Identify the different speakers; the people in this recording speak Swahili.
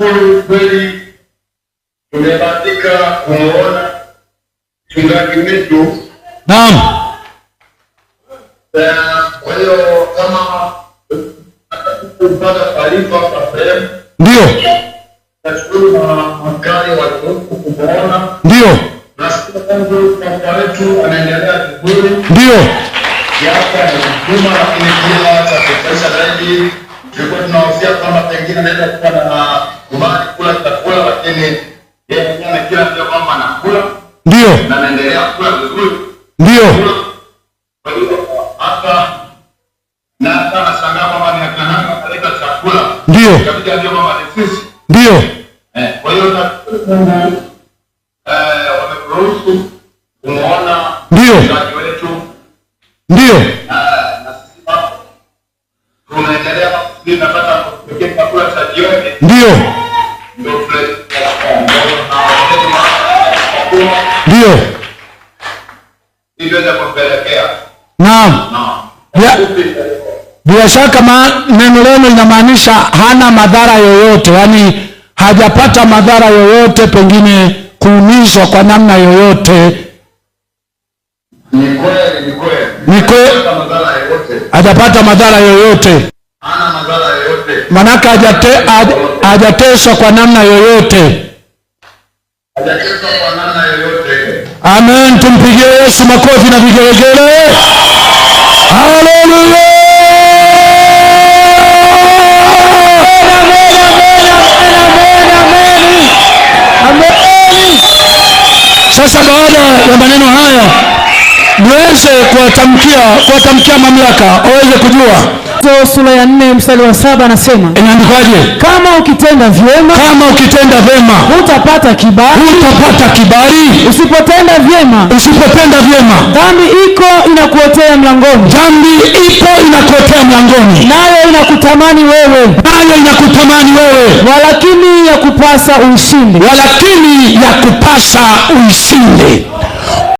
Speaker 1: nashukuru kweli, tumebahatika kumuona mchungaji wetu. Naam, kwa hiyo kama kupata taarifa kwa sehemu, ndio nashukuru makali waliku kumuona, ndio nashukuru Mungu kwa muda wetu anaendelea vizuri, ndio yapa na huduma, lakini pia cha kutosha zaidi tulikuwa tunawasia kwamba pengine naweza kuwa na kubali kula chakula, lakini yeye mwenyewe amekila ndio kwamba anakula ndio na anaendelea kula vizuri ndio. Kwa hiyo hata na hata anashangaa kwamba ni akana kaleta chakula ndio kabisa, ndio kwamba ni sisi ndio. Eh, kwa hiyo na eh, wameruhusu umeona
Speaker 2: ndio ndio Ndio, ndio, naam. Bila shaka neno lenu linamaanisha hana madhara yoyote, yaani hajapata madhara yoyote, pengine kuumizwa kwa namna yoyote.
Speaker 1: Ni kweli,
Speaker 2: ni kweli, hajapata madhara yoyote manake hajateswa kwa namna yoyote. Amen, tumpigie Yesu makofi na vigelegele. Haleluya! Sasa baada ya maneno haya niweze kuwatamkia kuwatamkia mamlaka waweze kujua
Speaker 3: Mathayo sura ya 4 mstari wa 7 anasema, inaandikaje? Kama ukitenda vyema,
Speaker 2: kama ukitenda vyema
Speaker 3: utapata kibali,
Speaker 2: utapata kibali.
Speaker 3: Usipotenda vyema,
Speaker 2: usipotenda vyema,
Speaker 3: dhambi iko inakuotea mlangoni,
Speaker 2: dhambi ipo inakuotea mlangoni,
Speaker 3: nayo inakutamani wewe,
Speaker 2: nayo inakutamani wewe,
Speaker 3: walakini yakupasa uishinde,
Speaker 2: walakini yakupasa uishinde.